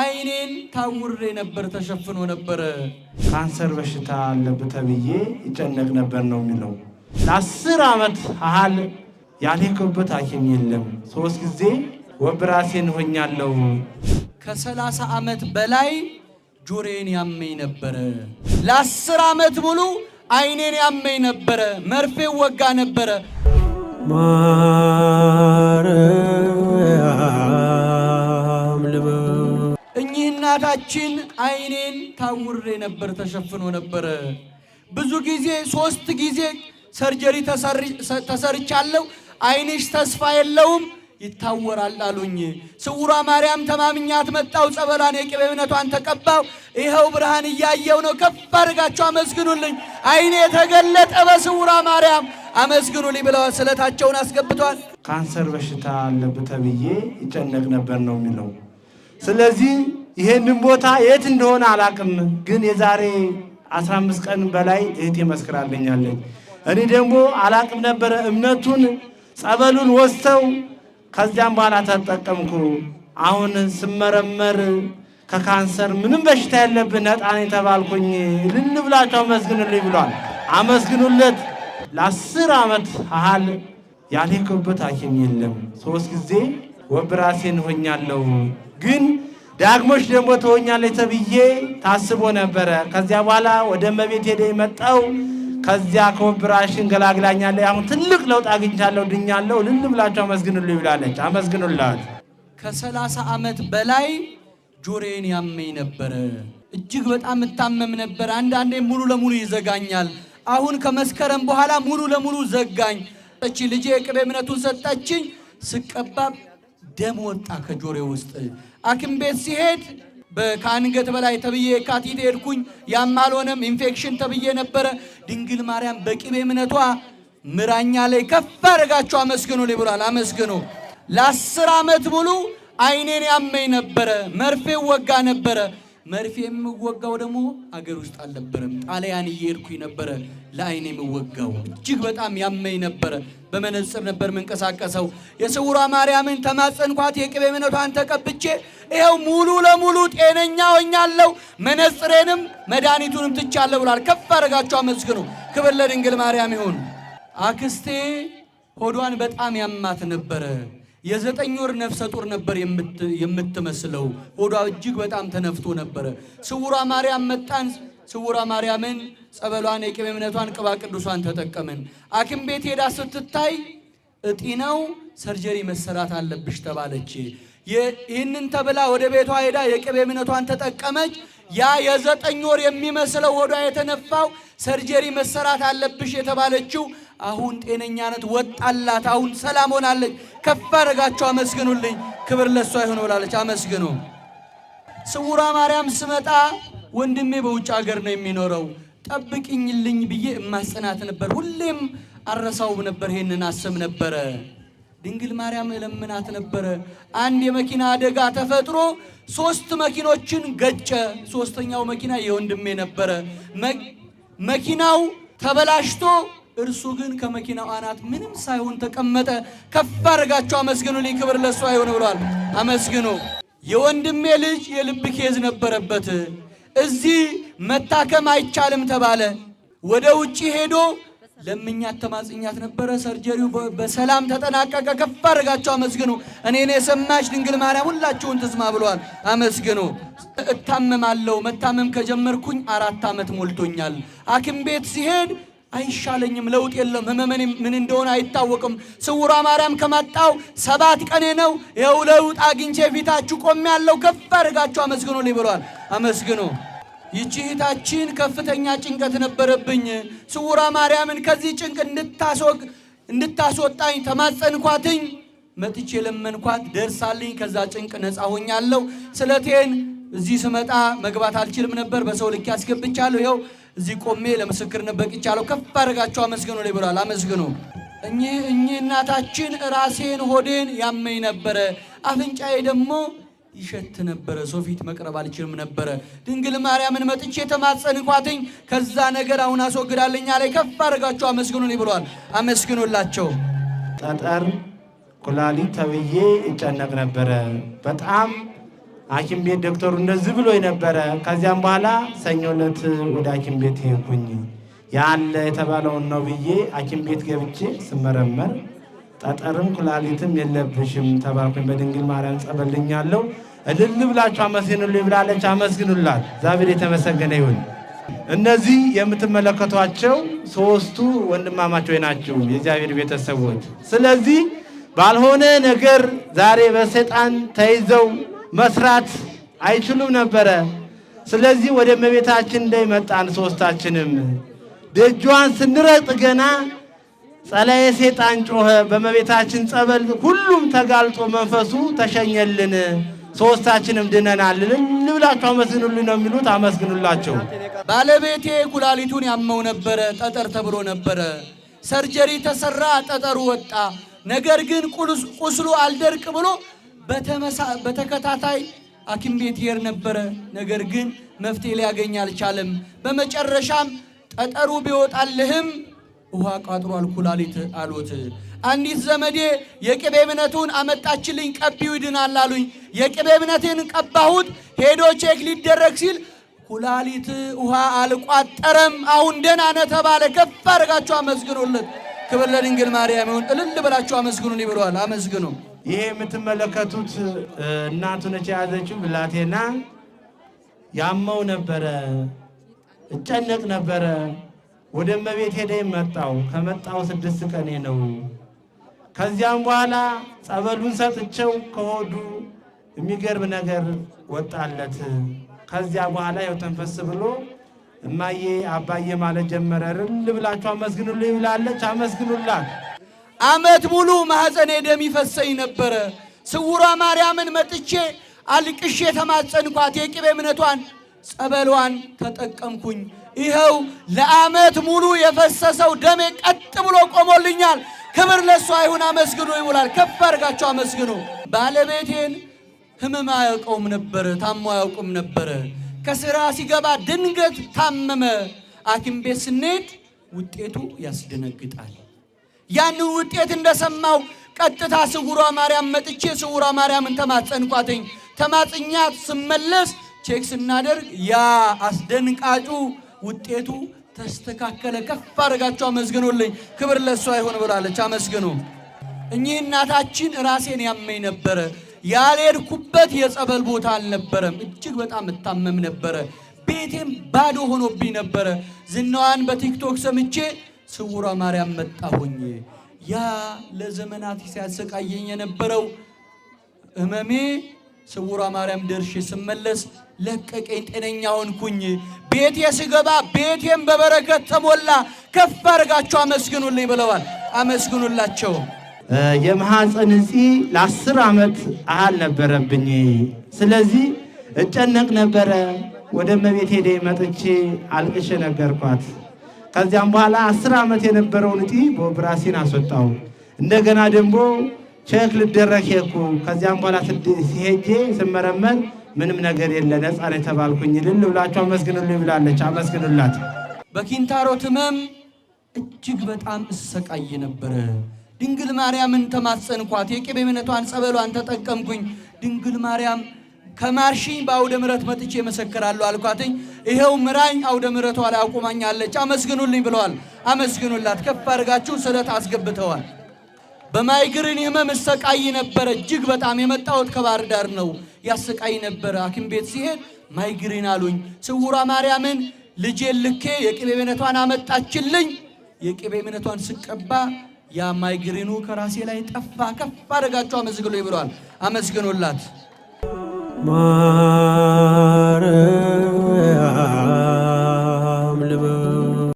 አይኔን ታውሬ ነበር፣ ተሸፍኖ ነበረ። ካንሰር በሽታ አለብህ ተብዬ ይጨነቅ ነበር ነው የሚለው። ለአስር ዓመት አህል ያልሄድኩበት ሐኪም የለም። ሶስት ጊዜ ወብራሴን ሆኛለሁ። ከሰላሳ ዓመት በላይ ጆሬን ያመኝ ነበረ። ለአስር ዓመት ሙሉ አይኔን ያመኝ ነበረ። መርፌ ወጋ ነበረ። አያታችን አይኔን ታውሬ ነበር፣ ተሸፍኖ ነበረ። ብዙ ጊዜ ሶስት ጊዜ ሰርጀሪ ተሰርቻለሁ፣ አይንሽ ተስፋ የለውም ይታወራል አሉኝ። ስውሯ ማርያም ተማምኛት መጣው፣ ጸበሏን የቅቤ እምነቷን ተቀባው። ይኸው ብርሃን እያየው ነው። ከፍ አድርጋቸው አመስግኑልኝ። አይኔ የተገለጠ በስውሯ ማርያም አመስግኑልኝ ብለዋል። ስለታቸውን አስገብቷል። ካንሰር በሽታ አለብህ ተብዬ ይጨነቅ ነበር ነው የሚለው ስለዚህ ይሄንን ቦታ የት እንደሆነ አላቅም፣ ግን የዛሬ 15 ቀን በላይ እህቴ መስክራልኛለች። እኔ ደግሞ አላቅም ነበረ እምነቱን ጸበሉን ወስተው ከዚያም በኋላ ተጠቀምኩ። አሁን ስመረመር ከካንሰር ምንም በሽታ ያለብን ነጣን የተባልኩኝ። እልል ብላችሁ አመስግኑልኝ ብሏል። አመስግኑለት። ለአስር ዓመት ያህል ያልሄድኩበት ሐኪም የለም። ሶስት ጊዜ ወብራሴን ሆኛለሁ ግን ዳግሞሽ ደግሞ ትሆኛለች ተብዬ ታስቦ ነበረ። ከዚያ በኋላ ወደ እመቤት ሄደ የመጣው ከዚያ ከወብራሽን ገላግላኛለች። አሁን ትልቅ ለውጥ አግኝቻለሁ፣ ድኛለሁ፣ ልል ብላችሁ አመስግኑልኝ ይብላለች። አመስግኑላት። ከሰላሳ ዓመት በላይ ጆሮዬን ያመኝ ነበረ። እጅግ በጣም እታመም ነበር። አንዳንዴ ሙሉ ለሙሉ ይዘጋኛል። አሁን ከመስከረም በኋላ ሙሉ ለሙሉ ዘጋኝ። እቺ ልጄ ቅቤ እምነቱን ሰጠችኝ ስቀባ ደም ወጣ ከጆሬ ውስጥ። አክም ቤት ሲሄድ ከአንገት በላይ ተብዬ የካቲት ሄድኩኝ። ያም አልሆነም፣ ኢንፌክሽን ተብዬ ነበረ። ድንግል ማርያም በቅቤ እምነቷ ምራኛ ላይ ከፍ አድርጋችሁ አመስግኑ ብሏል። አመስግኑ። ለአስር ዓመት ሙሉ አይኔን ያመኝ ነበረ፣ መርፌ ወጋ ነበረ መርፌ የምወጋው ደግሞ አገር ውስጥ አልነበረም። ጣሊያን እየሄድኩኝ ነበረ። ለአይን የምወጋው እጅግ በጣም ያመኝ ነበረ። በመነጽር ነበር የምንቀሳቀሰው። የስውሯ ማርያምን ተማጸንኳት፣ የቅቤ እምነቷን ተቀብቼ ይኸው ሙሉ ለሙሉ ጤነኛ ሆኛለሁ፣ መነጽሬንም መድኃኒቱንም ትቻለሁ ብሏል። ከፍ አድርጋችሁ አመስግኑ። ክብር ለድንግል ማርያም ይሁን። አክስቴ ሆዷን በጣም ያማት ነበረ የዘጠኝ ወር ነፍሰ ጡር ነበር የምትመስለው። ሆዷ እጅግ በጣም ተነፍቶ ነበረ። ስውሯ ማርያም መጣን። ስውሯ ማርያምን፣ ጸበሏን፣ የቅቤ እምነቷን፣ ቅባ ቅዱሷን ተጠቀምን። አክም ቤት ሄዳ ስትታይ እጢ ነው ሰርጀሪ መሰራት አለብሽ ተባለች። ይህንን ተብላ ወደ ቤቷ ሄዳ የቅቤ እምነቷን ተጠቀመች። ያ የዘጠኝ ወር የሚመስለው ሆዷ የተነፋው ሰርጀሪ መሰራት አለብሽ የተባለችው አሁን ጤነኛነት ወጣላት፣ አሁን ሰላም ሆናለች። ከፍ አድርጋችሁ አመስግኑልኝ። ክብር ለሷ ይሁን ብላለች። አመስግኑ። ስውሯ ማርያም ስመጣ ወንድሜ በውጭ ሀገር ነው የሚኖረው ጠብቅኝልኝ ብዬ እማጽናት ነበር። ሁሌም አረሳው ነበር። ይሄንን አስብ ነበረ። ድንግል ማርያም እለምናት ነበረ። አንድ የመኪና አደጋ ተፈጥሮ ሶስት መኪኖችን ገጨ። ሶስተኛው መኪና የወንድሜ ነበረ። መኪናው ተበላሽቶ እርሱ ግን ከመኪናው አናት ምንም ሳይሆን ተቀመጠ። ከፍ አድርጋችሁ አመስግኑ፣ ልኝ ክብር ለእሱ አይሆን ብሏል። አመስግኑ። የወንድሜ ልጅ የልብ ኬዝ ነበረበት። እዚህ መታከም አይቻልም ተባለ። ወደ ውጭ ሄዶ ለምኛት ተማጽኛት ነበረ። ሰርጀሪው በሰላም ተጠናቀቀ። ከፍ አድርጋችሁ አመስግኑ። እኔን የሰማች ድንግል ማርያም ሁላችሁን ትስማ ብሏል። አመስግኑ። እታመማለሁ። መታመም ከጀመርኩኝ አራት ዓመት ሞልቶኛል። አክም ቤት ሲሄድ አይሻለኝም፣ ለውጥ የለም፣ ህመመኔ ምን እንደሆነ አይታወቅም። ስውሯ ማርያም ከመጣው ሰባት ቀኔ ነው። ይኸው ለውጥ አግኝቼ ፊታችሁ ቆሜ ያለው ከፍ አድርጋችሁ አመስግኖ ልኝ ብሏል። አመስግኖ ይቺ እህታችን ከፍተኛ ጭንቀት ነበረብኝ። ስውሯ ማርያምን ከዚህ ጭንቅ እንድታስወግ እንድታስወጣኝ ተማጸንኳትኝ። መጥቼ ለመንኳት፣ ደርሳልኝ። ከዛ ጭንቅ ነፃ ሆኛለሁ። ስለቴን እዚህ ስመጣ መግባት አልችልም ነበር፣ በሰው ልክ ያስገብቻለሁ። ይኸው እዚህ ቆሜ ለምስክርነት በቅቻለሁ። ከፍ አድርጋችሁ አመስግኑ ላይ ብሏል። አመስግኑ። እኚህ እኚህ እናታችን ራሴን ሆዴን ያመኝ ነበረ፣ አፍንጫዬ ደግሞ ይሸት ነበረ። ሰው ፊት መቅረብ አልችልም ነበረ። ድንግል ማርያምን መጥቼ የተማጸንኳትኝ ከዛ ነገር አሁን አስወግዳለኛ ላይ ከፍ አድርጋችሁ አመስግኑ ላይ ብሏል። አመስግኑላቸው። ጠጠር ኩላሊት ተብዬ እጨነቅ ነበረ በጣም ሐኪም ቤት ዶክተሩ እንደዚህ ብሎ የነበረ ከዚያም በኋላ ሰኞ ዕለት ወደ ሐኪም ቤት ሄድኩኝ። ያለ የተባለውን ነው ብዬ ሐኪም ቤት ገብቼ ስመረመር ጠጠርም ኩላሊትም የለብሽም ተባልኩኝ። በድንግል ማርያም ጸበልኛለሁ። እልል ብላችሁ አመስግኑሉ ብላለች። አመስግኑላት። እግዚአብሔር የተመሰገነ ይሁን። እነዚህ የምትመለከቷቸው ሶስቱ ወንድማማቾች ናቸው፣ የእግዚአብሔር ቤተሰቦች። ስለዚህ ባልሆነ ነገር ዛሬ በሰይጣን ተይዘው መስራት አይችሉም ነበረ። ስለዚህ ወደ እመቤታችን እንደይመጣን ሶስታችንም ደጇን ስንረጥ ገና ጸላዬ ሰይጣን ጮኸ። በእመቤታችን ጸበል ሁሉም ተጋልጦ መንፈሱ ተሸኘልን። ሶስታችንም ድነናል። እልል ብላችሁ አመስግኑልኝ ነው የሚሉት። አመስግኑላቸው። ባለቤቴ ኩላሊቱን ያመው ነበረ። ጠጠር ተብሎ ነበረ። ሰርጀሪ ተሰራ፣ ጠጠሩ ወጣ። ነገር ግን ቁስሉ አልደርቅ ብሎ በተከታታይ ሐኪም ቤት ይሄድ ነበረ። ነገር ግን መፍትሄ ሊያገኝ አልቻለም። በመጨረሻም ጠጠሩ ቢወጣልህም ውሃ ቋጥሯል ኩላሊት አሉት። አንዲት ዘመዴ የቅቤ እምነቱን አመጣችልኝ ቀቢው ይድናል አሉኝ። የቅቤ እምነቴን ቀባሁት። ሄዶ ቼክ ሊደረግ ሲል ኩላሊት ውሃ አልቋጠረም፣ አሁን ደህና ነህ ተባለ። ከፍ አድርጋችሁ አመስግኑለት። ክብር ለድንግል ማርያም ይሁን። እልል ብላችሁ አመስግኑን ይብሏል። አመስግኑ ይሄ የምትመለከቱት እናቱ ነች የያዘችው ብላቴና ያመው ነበረ፣ እጨነቅ ነበረ። ወደ እመቤት ሄደ መጣው ከመጣው ስድስት ቀኔ ነው። ከዚያም በኋላ ጸበሉን ሰጥቼው ከሆዱ የሚገርም ነገር ወጣለት። ከዚያ በኋላ ያው ተንፈስ ብሎ እማዬ አባዬ ማለት ጀመረ። እልል ብላችሁ አመስግኑልኝ ብላለች። አመስግኑላት ዓመት ሙሉ ማኅፀኔ ደም ይፈሰኝ ነበረ። ስውሯ ማርያምን መጥቼ አልቅሼ የተማጸንኳት የቅቤ እምነቷን ጸበሏን ተጠቀምኩኝ። ይኸው ለዓመት ሙሉ የፈሰሰው ደሜ ቀጥ ብሎ ቆሞልኛል። ክብር ለእሷ ይሁን። አመስግኖ ይውላል። ከፍ አድርጋቸው አመስግኖ። ባለቤቴን ህመም አያውቀውም ነበረ፣ ታሞ አያውቁም ነበረ። ከስራ ሲገባ ድንገት ታመመ። አኪም ቤት ስንሄድ ውጤቱ ያስደነግጣል። ያንን ውጤት እንደሰማው ቀጥታ ስውሯ ማርያም መጥቼ ስውሯ ማርያምን ተማጸንኳትኝ። ተማጽኛት ስመለስ ቼክ ስናደርግ ያ አስደንቃጩ ውጤቱ ተስተካከለ። ከፍ አድርጋችሁ አመስግኖልኝ። ክብር ለእሷ አይሆን ብላለች። አመስግኖ እኚህ እናታችን ራሴን ያመኝ ነበረ። ያልሄድኩበት የጸበል ቦታ አልነበረም። እጅግ በጣም እታመም ነበረ። ቤቴም ባዶ ሆኖብኝ ነበረ። ዝናዋን በቲክቶክ ሰምቼ ስውሯ ማርያም መጣሁኝ። ያ ለዘመናት ሲያሰቃየኝ የነበረው ህመሜ ስውሯ ማርያም ደርሼ ስመለስ ለቀቀኝ፣ ጤነኛ ሆንኩኝ። ቤቴ ስገባ ቤቴም በበረከት ተሞላ። ከፍ አድርጋቸው አመስግኑልኝ ብለዋል። አመስግኑላቸው። የመሐፀን እጢ ለአስር ዓመት አህል ነበረብኝ። ስለዚህ እጨነቅ ነበረ። ወደ እመቤቴ ሄደ መጥቼ አልቅሼ ነገርኳት። ከዚያም በኋላ አስር ዓመት የነበረውን እጢ በኦፕራሲን አስወጣው። እንደገና ደግሞ ቼክ ልደረክ ሄድኩ። ከዚያም በኋላ ሲሄጄ ስመረመር ምንም ነገር የለ ነፃ ነው የተባልኩኝ። ልል ብላችሁ አመስግኑልኝ ብላለች። አመስግኑላት። በኪንታሮት ሕመም እጅግ በጣም እሰቃይ ነበረ። ድንግል ማርያምን ተማጸንኳት። የቅቤ እምነቷን ጸበሏን ተጠቀምኩኝ። ድንግል ማርያም ከማርሽኝ በአውደ ምረት መጥቼ እመሰክራለሁ አልኳትኝ። ይኸው ምራኝ አውደ ምረቷ ላይ አቁማኛለች። አመስግኑልኝ ብለዋል። አመስግኑላት። ከፍ አድርጋችሁ ስለት አስገብተዋል። በማይግርን ህመም እሰቃይ ነበረ። እጅግ በጣም የመጣሁት ከባህር ዳር ነው። ያሰቃይ ነበረ። ሐኪም ቤት ሲሄድ ማይግሪን አሉኝ። ስውሯ ማርያምን ልጄን ልኬ የቅቤ እምነቷን አመጣችልኝ። የቅቤ እምነቷን ስቀባ ያ ማይግሪኑ ከራሴ ላይ ጠፋ። ከፍ አድርጋችሁ አመስግኑ ብለዋል። አመስግኑላት። ማርያም